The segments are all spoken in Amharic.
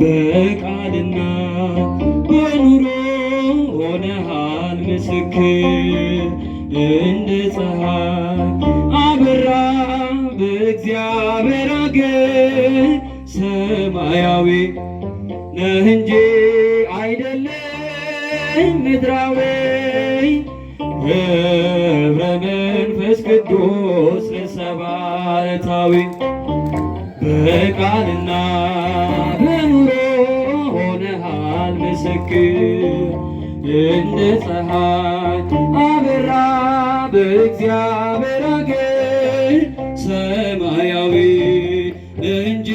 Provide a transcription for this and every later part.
በቃልና በኑሮ ሆነሃል ምስክር እንደ ፀሐይ አበራ በእግዚአብሔር አገር ሰማያዊ ነህ እንጂ አይደለም ምድራዊ ገብረ መንፈስ ቅዱስ ለሰባታዊ በቃልና በኑሮ ሆነሃል ምስክር እንደ ፀሐይ አበራ በእግዚአብሔር አገር ሰማያዊ እንጂ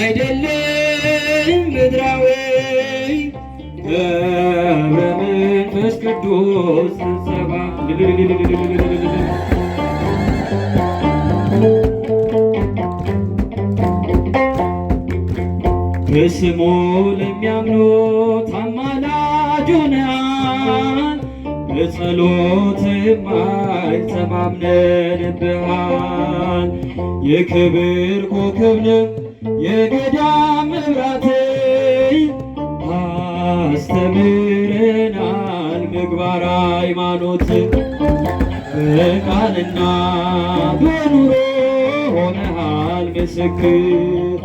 አይደለም ምድራዊ ገብረ መንፈስ ቅዱስ ስብሰባ በስሙ ለሚያምኑት አማላጅ ሆነሃል። በጸሎት ማል የክብር ኮከብ የገዳም መብራት አስተምረናል ምግባር ሃይማኖት በቃልና በኑሮ ሆነሃል ምስክር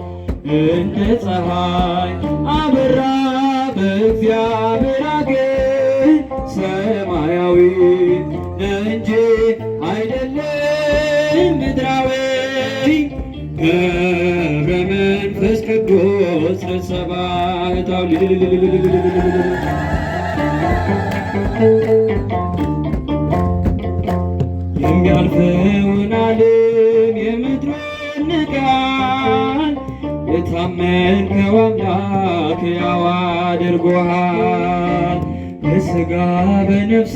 እንደ ፀሐይ አበራ በእግዚአብሔር አገር ሰማያዊ እንጂ አይደለም ምድራዊ ገብረ መንፈስ ቅዱስ ሰባታው የሚያልፈውን ባመንከው አምላክ ሕያው አድርጎሃል። በሥጋ በነፍስ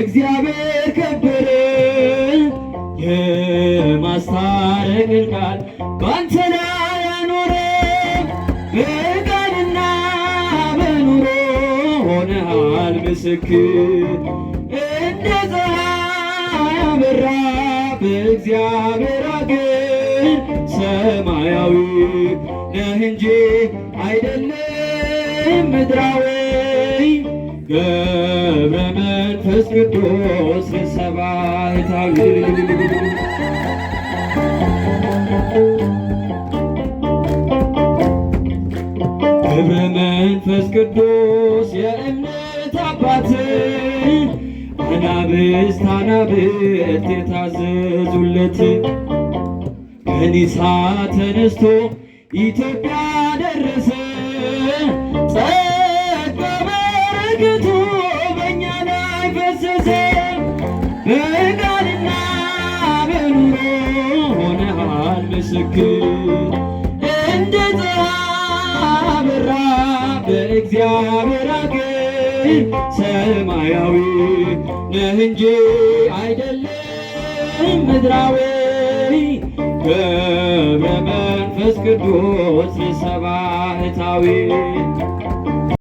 እግዚአብሔር ከበረ። የማስታረቅን ቃል ባንተ ላይ አኖረ። በቃልና በኑሮ ሆነሃል ምስክር እንደ ፀሐይ አበራ በእግዚአብሔር አገር ሰማያዊ ነህ እንጂ አይደለም ምድራዊ ገብረ መንፈስ ቅዱስ ሰባይታዊ ገብረ መንፈስ ቅዱስ የእምነት አባት አናብስት አናብስት የታዘዙለት ከኒሳ ተነስቶ ኢትዮጵያ ደረሰ ጸጋ በረከቱ በእኛ ላይ ፈሰሰ። በቃልና በኑሮ ሆነሃል ምስክር እንደ ፀሐይ አበራ በእግዚአብሔር አገር ሰማያዊ ነህ እንጂ አይደለም ምድራዊ ቅዱስ ሰባህታዊ